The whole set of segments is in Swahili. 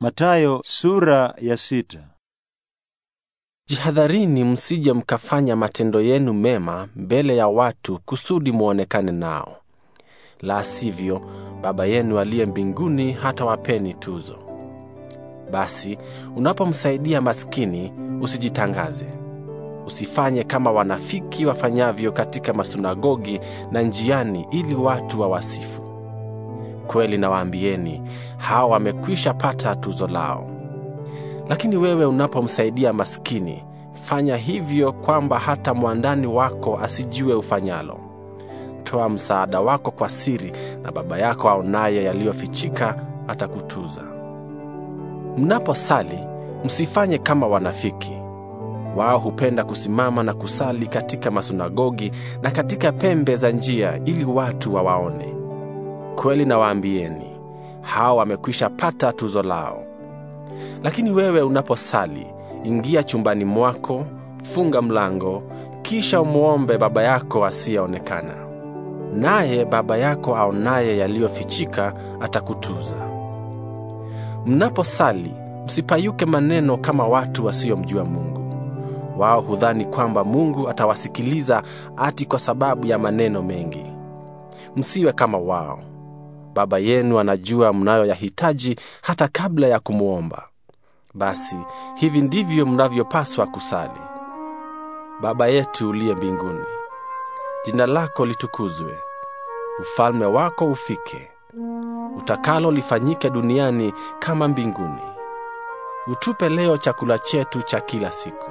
Matayo sura ya sita. Jihadharini msije mkafanya matendo yenu mema mbele ya watu kusudi muonekane nao. La sivyo, Baba yenu aliye mbinguni hata wapeni tuzo. Basi unapomsaidia maskini usijitangaze. Usifanye kama wanafiki wafanyavyo katika masunagogi na njiani ili watu wawasifu. Kweli nawaambieni, hao wamekwisha pata tuzo lao. Lakini wewe unapomsaidia maskini, fanya hivyo kwamba hata mwandani wako asijue ufanyalo. Toa msaada wako kwa siri, na Baba yako aonaye yaliyofichika atakutuza. Mnaposali msifanye kama wanafiki. Wao hupenda kusimama na kusali katika masunagogi na katika pembe za njia, ili watu wawaone. Kweli nawaambieni, hao wamekwisha pata tuzo lao. Lakini wewe unaposali, ingia chumbani mwako, funga mlango, kisha umwombe Baba yako asiyeonekana, naye Baba yako aonaye yaliyofichika atakutuza. Mnaposali, msipayuke maneno kama watu wasiyomjua Mungu. Wao hudhani kwamba Mungu atawasikiliza ati kwa sababu ya maneno mengi. Msiwe kama wao Baba yenu anajua mnayoyahitaji hata kabla ya kumwomba. Basi hivi ndivyo mnavyopaswa kusali: Baba yetu uliye mbinguni, jina lako litukuzwe, ufalme wako ufike, utakalo lifanyike duniani kama mbinguni. Utupe leo chakula chetu cha kila siku.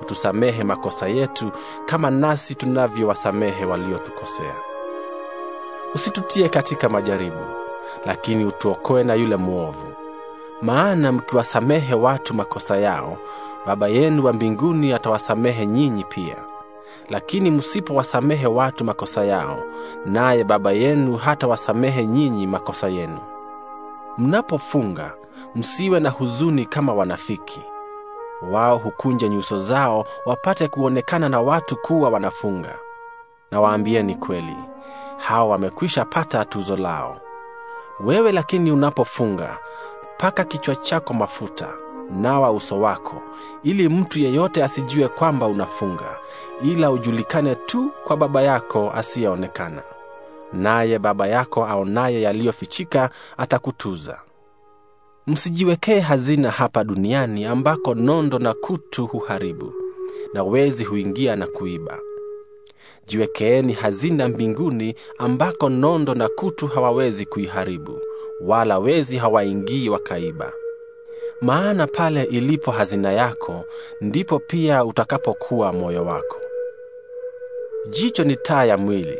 Utusamehe makosa yetu kama nasi tunavyowasamehe waliotukosea usitutie katika majaribu, lakini utuokoe na yule mwovu. Maana mkiwasamehe watu makosa yao, Baba yenu wa mbinguni atawasamehe nyinyi pia. Lakini msipowasamehe watu makosa yao, naye Baba yenu hatawasamehe nyinyi makosa yenu. Mnapofunga, msiwe na huzuni kama wanafiki. Wao hukunja nyuso zao wapate kuonekana na watu kuwa wanafunga. Nawaambieni kweli, hao wamekwisha pata tuzo lao. Wewe lakini unapofunga, paka kichwa chako mafuta, nawa uso wako, ili mtu yeyote asijue kwamba unafunga, ila ujulikane tu kwa Baba yako asiyeonekana. Naye Baba yako aonaye yaliyofichika atakutuza. Msijiwekee hazina hapa duniani ambako nondo na kutu huharibu na wezi huingia na kuiba Jiwekeeni hazina mbinguni ambako nondo na kutu hawawezi kuiharibu, wala wezi hawaingii wakaiba. Maana pale ilipo hazina yako, ndipo pia utakapokuwa moyo wako. Jicho ni taa ya mwili.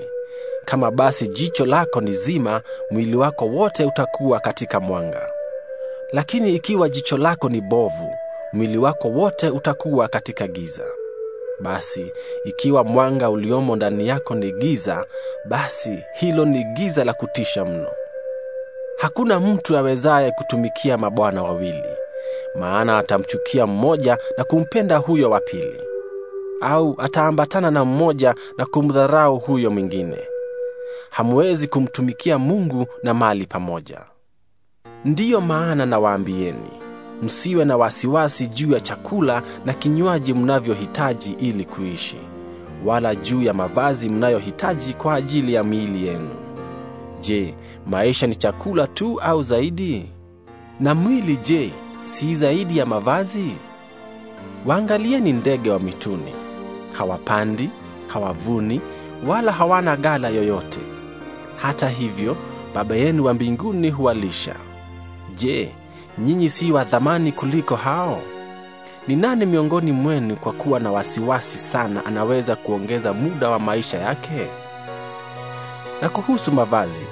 Kama basi jicho lako ni zima, mwili wako wote utakuwa katika mwanga. Lakini ikiwa jicho lako ni bovu, mwili wako wote utakuwa katika giza. Basi ikiwa mwanga uliomo ndani yako ni giza, basi hilo ni giza la kutisha mno. Hakuna mtu awezaye kutumikia mabwana wawili, maana atamchukia mmoja na kumpenda huyo wa pili, au ataambatana na mmoja na kumdharau huyo mwingine. Hamwezi kumtumikia Mungu na mali pamoja. Ndiyo maana nawaambieni msiwe na wasiwasi juu ya chakula na kinywaji mnavyohitaji ili kuishi, wala juu ya mavazi mnayohitaji kwa ajili ya miili yenu. Je, maisha ni chakula tu au zaidi? Na mwili je, si zaidi ya mavazi? Waangalieni ndege wa mituni, hawapandi, hawavuni, wala hawana gala yoyote. Hata hivyo Baba yenu wa mbinguni huwalisha. Je, nyinyi si wa thamani kuliko hao? Ni nani miongoni mwenu kwa kuwa na wasiwasi sana anaweza kuongeza muda wa maisha yake? Na kuhusu mavazi,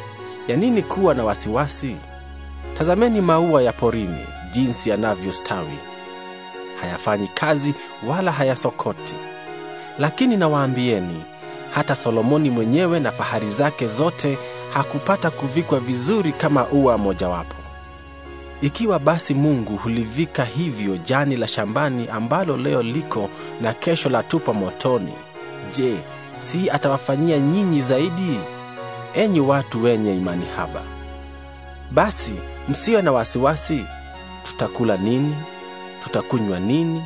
ya nini kuwa na wasiwasi? Tazameni maua ya porini jinsi yanavyostawi, hayafanyi kazi wala hayasokoti. Lakini nawaambieni, hata Solomoni mwenyewe na fahari zake zote hakupata kuvikwa vizuri kama ua mojawapo. Ikiwa basi Mungu hulivika hivyo jani la shambani ambalo leo liko na kesho la tupa motoni, je, si atawafanyia nyinyi zaidi, enyi watu wenye imani haba? Basi msiwe na wasiwasi, tutakula nini? Tutakunywa nini?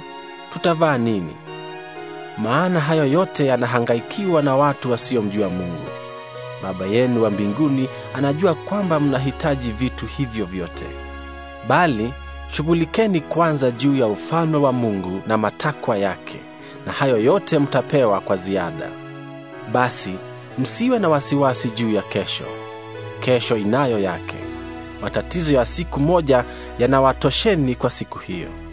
Tutavaa nini? Maana hayo yote yanahangaikiwa na watu wasiomjua Mungu. Baba yenu wa mbinguni anajua kwamba mnahitaji vitu hivyo vyote bali shughulikeni kwanza juu ya ufalme wa Mungu na matakwa yake, na hayo yote mtapewa kwa ziada. Basi msiwe na wasiwasi juu ya kesho, kesho inayo yake. Matatizo ya siku moja yanawatosheni kwa siku hiyo.